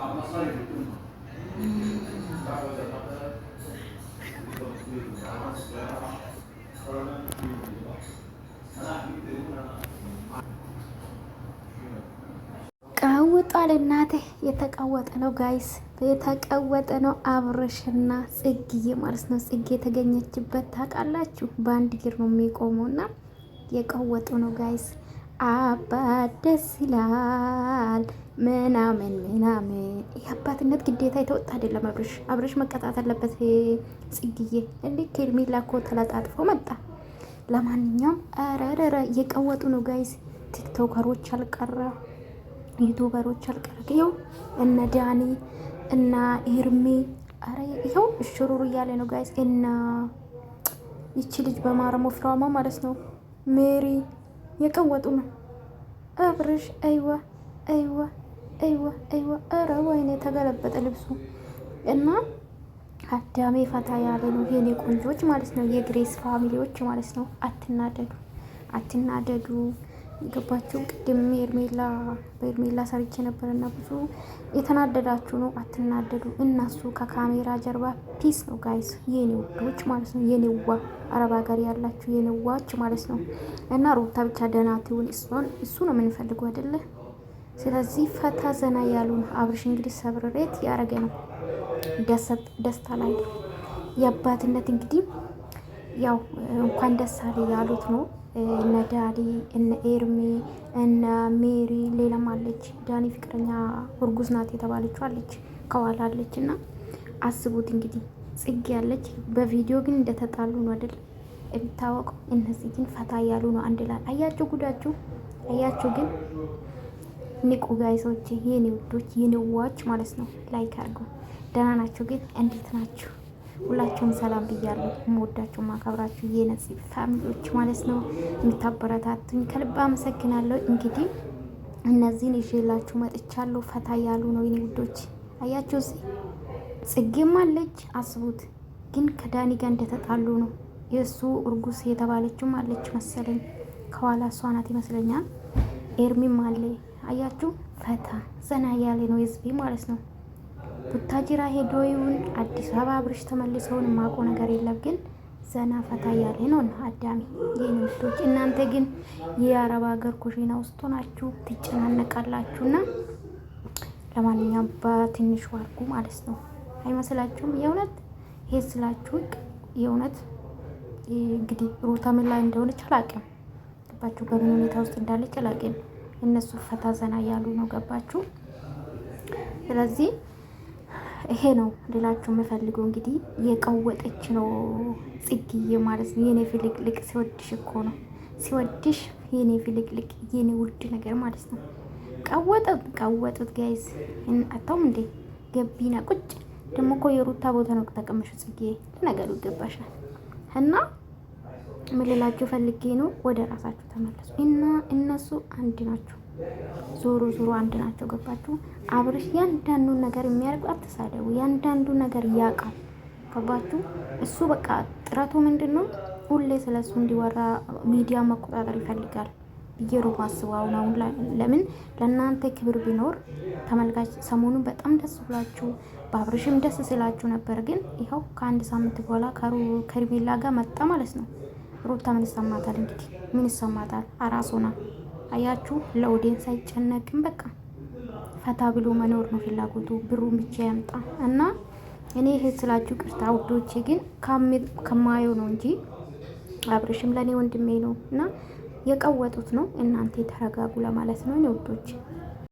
ቀውጧል። እናቴ የተቀወጠ ነው ጋይስ፣ የተቀወጠ ነው። አብርሽና ጽጌ ማለት ነው። ጽጌ የተገኘችበት ታውቃላችሁ። በአንድ ግር ነው የሚቆመው እና የቀወጡ ነው ጋይስ አባት ደስ ይላል ምናምን ምናምን። ይህ አባትነት ግዴታ የተወጣ አይደለም። አብረሽ አብረሽ መቀጣት አለበት። ጽግዬ እንዴ ኬርሜላ እኮ ተለጣጥፎ መጣ። ለማንኛውም ረረረ እየቀወጡ ነው ጋይስ። ቲክቶከሮች አልቀረ ዩቱበሮች አልቀረ። ይኸው እነ ዳኒ እና ኤርሜ አረ ይኸው እሽሩሩ እያለ ነው ጋይስ። እና ይቺ ልጅ በማረሞ ፍራማ ማለት ነው ሜሪ የቀወጡ ነው። አብርሽ አይዋ አይዋ አይዋ አይዋ፣ ኧረ ወይኔ የተገለበጠ ልብሱ እና አዳሜ ፈታ ያለ ነው። የኔ ቆንጆች ማለት ነው፣ የግሬስ ፋሚሊዎች ማለት ነው። አትናደዱ፣ አትናደዱ። ገባችሁ? ቅድም ኤርሜላ በኤርሜላ ሰርቼ ነበርና ብዙ የተናደዳችሁ ነው። አትናደዱ። እነሱ ከካሜራ ጀርባ ፒስ ነው ጋይስ፣ የኔ ውዶች ማለት ነው። የኔዋ አረብ ሀገር ያላችሁ የኔዋች ማለት ነው። እና ሩታ ብቻ ደህና ትሁን፣ እሱ ነው የምንፈልገው አይደለ? ስለዚህ ፈታ ዘና ያሉ ነው። አብርሽ እንግዲህ ሰብርሬት ያደረገ ነው፣ ደስታ ላይ የአባትነት እንግዲህ ያው እንኳን ደስ አለ ያሉት ነው እነ ዳኒ እነ ኤርሜ እነ ሜሪ ሌላም አለች። ዳኒ ፍቅረኛ እርጉዝ ናት የተባለችው አለች፣ ከኋላ አለች። እና አስቡት እንግዲህ ጽጌ ያለች በቪዲዮ ግን እንደተጣሉ ነው አይደል የሚታወቀው። እነዚህ ግን ፈታ እያሉ ነው አንድ ላይ። አያችሁ ጉዳችሁ፣ አያችሁ ግን ንቁ ጋይሶች፣ የኔ ውዶች፣ የኔ ዋች ማለት ነው። ላይክ አድርጉ። ደህና ናቸው ግን እንዴት ናቸው? ሁላችሁም ሰላም ብያለሁ። የምወዳችሁ ማከብራችሁ የነጽ ፋሚሊዎች ማለት ነው የምታበረታቱኝ ከልብ አመሰግናለሁ። እንግዲህ እነዚህን ይዤላችሁ መጥቻለሁ። ፈታ ያሉ ነው የኔ ውዶች። አያችሁ ጽጌም አለች። አስቡት ግን ከዳኒ ጋር እንደተጣሉ ነው። የእሱ እርጉስ የተባለችም አለች መሰለኝ ከኋላ እሷ ናት ይመስለኛል። ኤርሚም አለ። አያችሁ ፈታ ዘና ያለ ነው ህዝቤ ማለት ነው። ቡታጅራ ሄዶ ይሁን አዲስ አበባ አብርሽ ተመልሰውን ማቆ ነገር የለም ግን ዘና ፈታ እያለ ነው። እና አዳሚ የኔቶች እናንተ ግን የአረብ ሀገር ኩሽና ውስጥ ሆናችሁ ትጨናነቃላችሁ። ለማንኛውም በትንሹ አድርጉ ማለት ነው አይመስላችሁም? የእውነት ይሄ ስላችሁ የእውነት እንግዲህ ሩታ ላይ እንደሆነች አላውቅም። ገባችሁ? በምን ሁኔታ ውስጥ እንዳለች አላውቅም። እነሱ ፈታ ዘና እያሉ ነው። ገባችሁ? ስለዚህ ይሄ ነው ሌላቸው የምፈልገው። እንግዲህ የቀወጠች ነው ጽግዬ ማለት ነው። የኔ ፍልቅልቅ ሲወድሽ እኮ ነው ሲወድሽ፣ የኔ ፍልቅልቅ የኔ ውድ ነገር ማለት ነው። ቀወጠት ቀወጡት፣ ጋይዝ አታውም እንዴ? ገቢና ቁጭ ደግሞ እኮ የሩታ ቦታ ነው ተቀመሹ። ጽጌ፣ ለነገሩ ይገባሻል እና ምን ልላችሁ ፈልጌ ነው ወደ ራሳችሁ ተመለሱ እና እነሱ አንድ ናቸው። ዞሮ ዞሮ አንድ ናቸው። ገባችሁ? አብርሽ ያንዳንዱ ነገር የሚያደርጉ አትሳደቡ። ያንዳንዱ ነገር ያውቃል። ገባችሁ? እሱ በቃ ጥረቱ ምንድን ነው? ሁሌ ስለ እሱ እንዲወራ ሚዲያ መቆጣጠር ይፈልጋል ብዬ ነው ማስበው። አሁን ለምን ለእናንተ ክብር ቢኖር ተመልካች ሰሞኑን በጣም ደስ ብላችሁ በአብርሽም ደስ ስላችሁ ነበር። ግን ይኸው ከአንድ ሳምንት በኋላ ከርሜላ ጋር መጣ ማለት ነው። ሩታ ምን ይሰማታል? እንግዲህ ምን ይሰማታል? አራሶና አያችሁ፣ ለኦዲየንስ አይጨነቅም። በቃ ፈታ ብሎ መኖር ነው ፍላጎቱ። ብሩ ብቻ ያምጣ እና እኔ ይሄ ስላችሁ ቅርታ ውዶቼ፣ ግን ከማየው ነው እንጂ አብርሽም ለእኔ ወንድሜ ነው እና የቀወጡት ነው። እናንተ የተረጋጉ ለማለት ነው ውዶቼ።